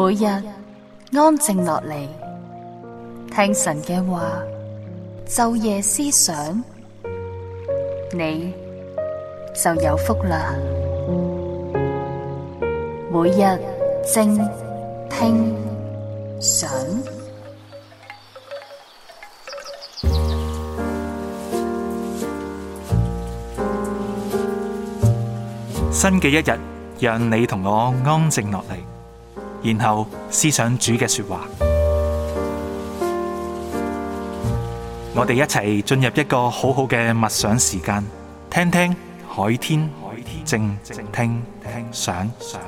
每日安靜落嚟，聽神嘅話，晝夜思想，你就有福啦。每日靜聽想，新嘅一日，讓你同我安靜落嚟。然後思想主嘅說話，我哋一齊進入一個好好嘅默想時間，聽聽海天靜靜，聽聽想想。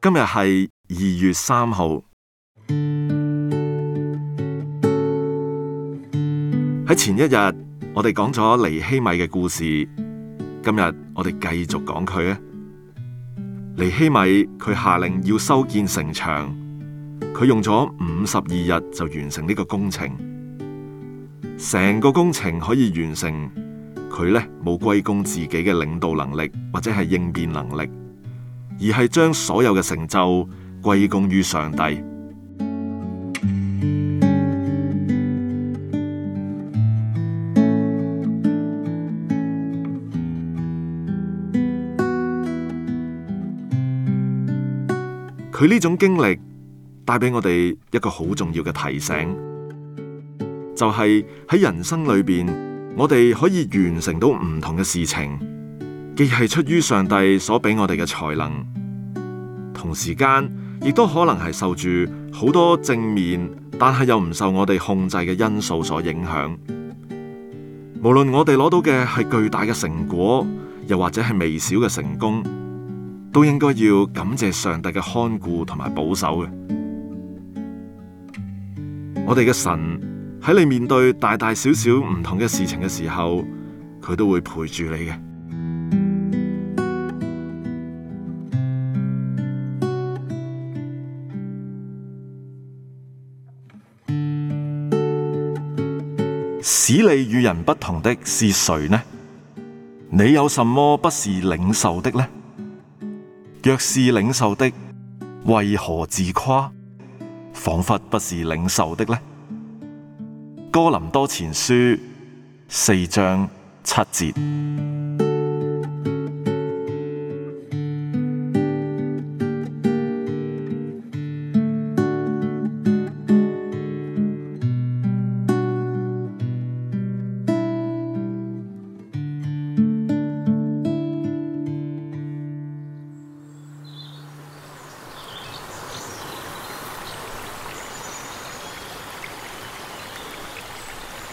今日係二月三號。喺前一日，我哋講咗尼希米嘅故事。今日我哋繼續講佢咧。尼希米佢下令要修建城牆，佢用咗五十二日就完成呢個工程。成個工程可以完成，佢咧冇歸功自己嘅領導能力，或者係應變能力，而係將所有嘅成就歸功於上帝。佢呢種經歷帶俾我哋一個好重要嘅提醒，就係喺人生裏面，我哋可以完成到唔同嘅事情，既係出於上帝所俾我哋嘅才能，同時間亦都可能係受住好多正面，但係又唔受我哋控制嘅因素所影響。無論我哋攞到嘅係巨大嘅成果，又或者係微小嘅成功。都應該要感謝上帝嘅看顧同埋保守嘅。我哋嘅神喺，你面對大大小小唔同嘅事情嘅時候，佢都會陪住你嘅。使你與人不同的是誰呢？你有什麼不是領受的呢？若是領受的，為何自誇，仿佛不是領受的呢？哥林多前書四章七節。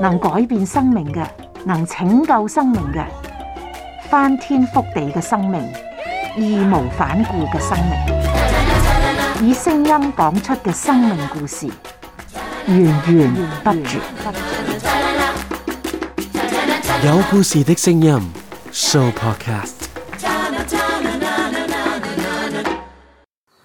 能改變生命嘅，能拯救生命嘅，翻天覆地嘅生命，義無反顧嘅生命，以聲音講出嘅生命故事，源源不絕。有故事的聲音，Show Podcast。